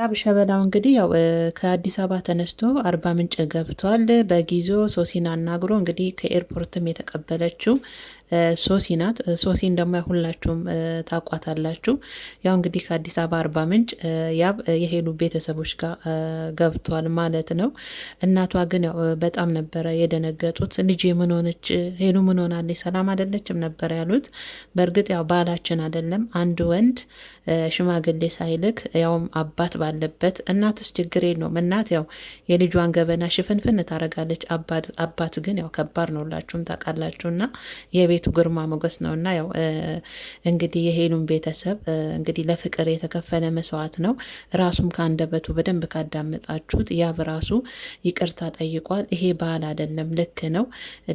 ያብ ሸበላው እንግዲህ ያው ከአዲስ አበባ ተነስቶ አርባ ምንጭ ገብቷል። በጊዞ ሶሲና አናግሮ እንግዲህ ከኤርፖርትም የተቀበለችው ሶሲ ናት። ሶሲን ደግሞ ሁላችሁም ታቋታላችሁ። ያው እንግዲህ ከአዲስ አበባ አርባ ምንጭ ያብ የሄሉ ቤተሰቦች ጋር ገብቷል ማለት ነው። እናቷ ግን ያው በጣም ነበረ የደነገጡት። ልጅ ምን ሆነች? ሄሉ ምን ሆናለች? ሰላም አይደለችም ነበር ያሉት። በእርግጥ ያው ባህላችን አይደለም አንድ ወንድ ሽማግሌ ሳይልክ ያውም አባት ባለበት እናትስ ችግር የለውም። እናት ያው የልጇን ገበና ሽፍንፍን ታደርጋለች። አባት ግን ያው ከባድ ነው፣ ሁላችሁም ታውቃላችሁና የቤቱ ግርማ ሞገስ ነው እና ያው እንግዲህ የሄሉን ቤተሰብ እንግዲህ ለፍቅር የተከፈለ መስዋዕት ነው። ራሱም ከአንደበቱ በደንብ ካዳመጣችሁት ያብ ራሱ ይቅርታ ጠይቋል። ይሄ ባህል አይደለም፣ ልክ ነው፣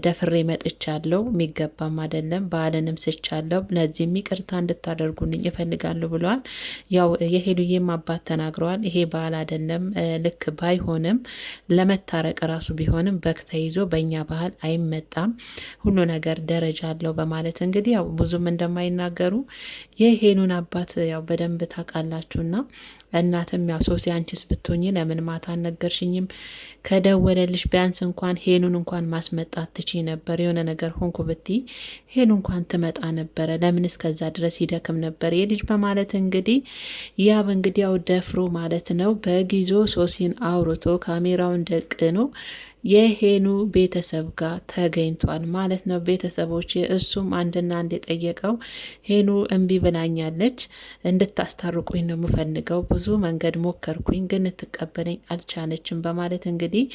ደፍሬ መጥቻለሁ፣ የሚገባም አይደለም፣ ባህልንም ስቻለሁ፣ ለዚህም ይቅርታ እንድታደርጉልኝ ይፈልጋሉ ብለዋል። ያው የሄሉዬም አባት ተናግረዋል። ይሄ ባህል አይደለም፣ ልክ ባይሆንም ለመታረቅ ራሱ ቢሆንም በግ ተይዞ በእኛ ባህል አይመጣም ሁሉ ነገር ደረጃ ያለው በማለት እንግዲህ ያው ብዙም እንደማይናገሩ የሄኑን አባት ያው በደንብ ታውቃላችሁና እናትም ያው ሶሲ አንቺስ ብትሆኝ ለምን ማታ አልነገርሽኝም? ከደወለልሽ ቢያንስ እንኳን ሄኑን እንኳን ማስመጣት ትች ነበር። የሆነ ነገር ሆንኩ ብቲ ሄኑ እንኳን ትመጣ ነበረ። ለምን እስከዛ ድረስ ይደክም ነበር የልጅ በማለት እንግዲህ ያብ እንግዲህ ያው ደፍሮ ማለት ነው በጊዞ ሶሲን አውርቶ ካሜራውን ደቅኖ የሄኑ ቤተሰብ ጋር ተገኝቷል ማለት ነው። ቤተሰቦች እሱም አንድና አንድ የጠየቀው ሄኑ እምቢ ብላኛለች፣ እንድታስታርቁኝ ነው የምፈልገው፣ ብዙ መንገድ ሞከርኩኝ፣ ግን ትቀበለኝ አልቻለችም በማለት እንግዲህ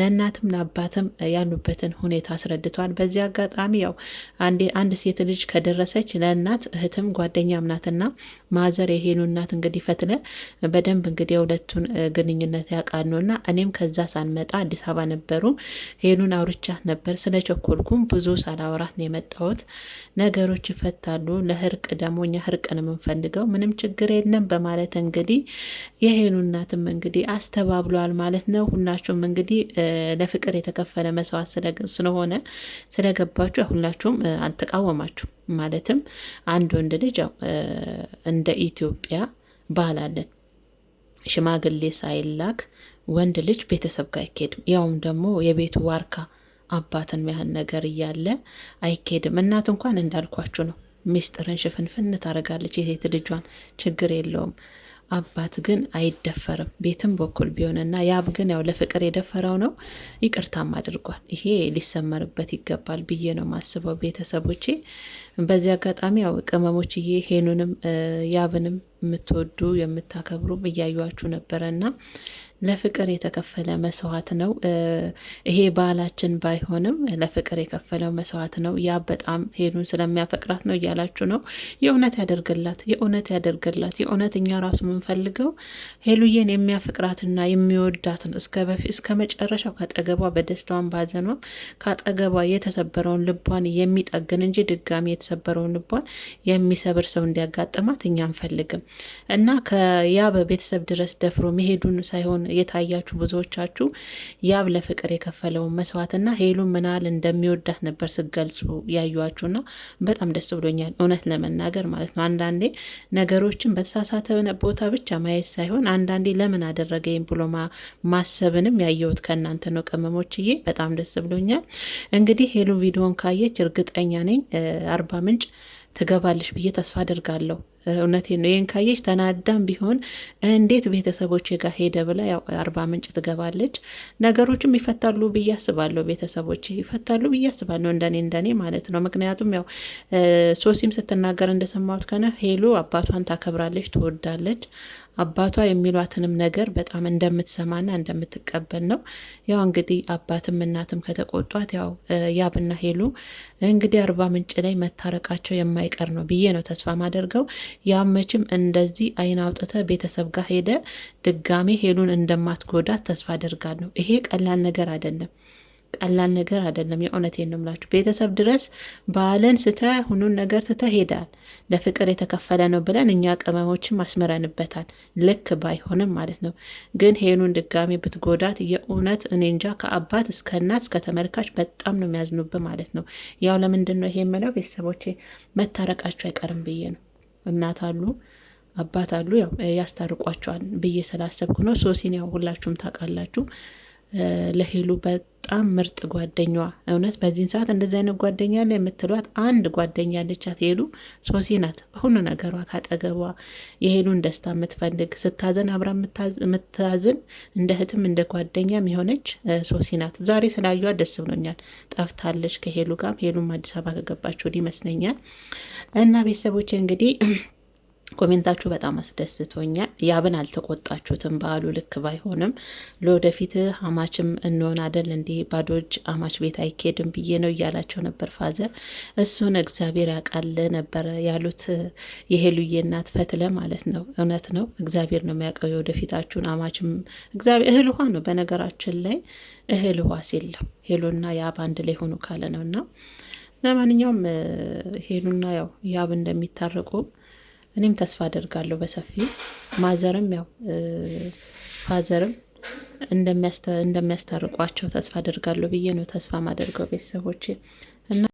ለእናትም ለአባትም ያሉበትን ሁኔታ አስረድቷል። በዚህ አጋጣሚ ያው አንድ ሴት ልጅ ከደረሰች ለእናት እህትም ጓደኛም ናትና ማዘር የሄኑ እናት እንግዲህ ፈትለ በደንብ እንግዲህ የሁለቱን ግንኙነት ያውቃል እኔም ከዛ ሳንመጣ አዲስ አበባ አልነበሩም። ሄሉን አውርቻት ነበር። ስለቸኮልኩም ብዙ ሳላውራት ነው የመጣሁት። ነገሮች ይፈታሉ። ለህርቅ ደግሞ እኛ ህርቅ ነው የምንፈልገው፣ ምንም ችግር የለም በማለት እንግዲህ የሄሉ እናትም እንግዲህ አስተባብሏል ማለት ነው። ሁላችሁም እንግዲህ ለፍቅር የተከፈለ መስዋዕት ስለሆነ ስለገባችሁ ሁላችሁም አልተቃወማችሁ ማለትም አንድ ወንድ ልጅ ያው እንደ ኢትዮጵያ ባህል አለን ሽማግሌ ሳይላክ ወንድ ልጅ ቤተሰብ ጋር አይኬድም። ያውም ደግሞ የቤቱ ዋርካ አባትን ያህል ነገር እያለ አይኬድም። እናት እንኳን እንዳልኳችሁ ነው ሚስጥርን ሽፍንፍን ታደርጋለች የሴት ልጇን፣ ችግር የለውም። አባት ግን አይደፈርም ቤትም በኩል ቢሆንና ያብ ግን ያው ለፍቅር የደፈረው ነው፣ ይቅርታም አድርጓል። ይሄ ሊሰመርበት ይገባል ብዬ ነው ማስበው ቤተሰቦቼ። በዚህ አጋጣሚ ያው ይሄ ሄኑንም ያብንም የምትወዱ የምታከብሩ እያዩችሁ ነበረ እና ለፍቅር የተከፈለ መስዋዕት ነው ይሄ። ባህላችን ባይሆንም ለፍቅር የከፈለው መስዋዕት ነው። ያ በጣም ሄዱን ስለሚያፈቅራት ነው እያላችሁ ነው። የእውነት ያደርግላት፣ የእውነት ያደርግላት። የእውነት እኛ ራሱ የምንፈልገው ሄሉዬን የሚያፈቅራትና የሚወዳት ነው። እስከ መጨረሻው ከአጠገቧ በደስታዋን ባዘኗ ከአጠገቧ የተሰበረውን ልቧን የሚጠግን እንጂ ድጋሚ የተሰበረውን ልቧን የሚሰብር ሰው እንዲያጋጥማት እኛ አንፈልግም። እና ከያብ ቤተሰብ ድረስ ደፍሮ መሄዱን ሳይሆን የታያችሁ ብዙዎቻችሁ ያብ ለፍቅር የከፈለውን መስዋዕትና ሄሉ ምናል እንደሚወዳት ነበር ስገልጹ ያዩዋችሁና በጣም ደስ ብሎኛል። እውነት ለመናገር ማለት ነው አንዳንዴ ነገሮችን በተሳሳተ ቦታ ብቻ ማየት ሳይሆን አንዳንዴ ለምን አደረገኝ ብሎ ማሰብንም ያየሁት ከእናንተ ነው ቅመሞችዬ፣ በጣም ደስ ብሎኛል። እንግዲህ ሄሉ ቪዲዮን ካየች እርግጠኛ ነኝ አርባ ምንጭ ትገባለሽ ብዬ ተስፋ አድርጋለሁ። እውነቴ ነው። ይህን ካየች ተናዳም ቢሆን እንዴት ቤተሰቦች ጋር ሄደ ብላ አርባ ምንጭ ትገባለች። ነገሮችም ይፈታሉ ብዬ አስባለሁ። ቤተሰቦች ይፈታሉ ብዬ አስባለሁ፣ እንደኔ እንደኔ ማለት ነው። ምክንያቱም ያው ሶሲም ስትናገር እንደሰማሁት ከነ ሄሉ አባቷን ታከብራለች፣ ትወዳለች። አባቷ የሚሏትንም ነገር በጣም እንደምትሰማና እንደምትቀበል ነው። ያው እንግዲህ አባትም እናትም ከተቆጧት ያው ያብና ሄሉ እንግዲህ አርባ ምንጭ ላይ መታረቃቸው የማይቀር ነው ብዬ ነው ተስፋ ማደርገው። ያመችም እንደዚህ አይን አውጥተ ቤተሰብ ጋር ሄደ ድጋሜ ሄሉን እንደማትጎዳት ተስፋ አደርጋለሁ። ይሄ ቀላል ነገር አይደለም፣ ቀላል ነገር አይደለም። የእውነቴን ነው የምላችሁ። ቤተሰብ ድረስ ባለን ስተ ሁኑን ነገር ትተ ሄዳል። ለፍቅር የተከፈለ ነው ብለን እኛ ቅመሞችን አስምረንበታል። ልክ ባይሆንም ማለት ነው። ግን ሄሉን ድጋሜ ብትጎዳት የእውነት እኔ እንጃ። ከአባት እስከ እናት እስከ ተመልካች በጣም ነው የሚያዝኑብ ማለት ነው። ያው ለምንድን ነው ይሄ የምለው ቤተሰቦቼ መታረቃቸው አይቀርም ብዬ ነው እናት አሉ አባት አሉ ያው ያስታርቋቸዋል ብዬ ስላሰብኩ ነው። ሶሲን ያው ሁላችሁም ታውቃላችሁ ለሄሉ በጣም ምርጥ ጓደኛዋ እውነት በዚህን ሰዓት እንደዚ አይነት ጓደኛ ለ የምትሏት አንድ ጓደኛ አለቻት ሄሉ፣ ሶሲ ናት። በሁሉ ነገሯ ካጠገቧ የሄሉን ደስታ የምትፈልግ ስታዘን አብራ የምታዝን እንደ እህትም እንደ ጓደኛም የሆነች ሶሲ ናት። ዛሬ ስላዩዋ ደስ ብሎኛል። ጠፍታለች ከሄሉ ጋር ሄሉም አዲስ አበባ ከገባችሁ ይመስለኛል እና ቤተሰቦች እንግዲህ ኮሜንታችሁ በጣም አስደስቶኛል። ያብን አልተቆጣችሁትም። በዓሉ ልክ ባይሆንም ለወደፊት አማችም እንሆን አደል እንዲህ ባዶጅ አማች ቤት አይኬድም ብዬ ነው እያላቸው ነበር ፋዘር። እሱን እግዚአብሔር ያውቃል ነበረ ያሉት የሄሉዬ እናት ፈትለ ማለት ነው። እውነት ነው፣ እግዚአብሔር ነው የሚያውቀው የወደፊታችሁን። አማችም እግዚአብሔር እህል ውሃ ነው በነገራችን ላይ እህል ውሃ ሲለው ሄሉና ያብ አንድ ላይ ሆኑ ካለ ነው እና ለማንኛውም ሄሉና ያው ያብ እንደሚታረቁ እኔም ተስፋ አደርጋለሁ በሰፊ ማዘርም ያው ፋዘርም እንደሚያስታርቋቸው ተስፋ አደርጋለሁ ብዬ ነው ተስፋ ማደርገው ቤተሰቦቼ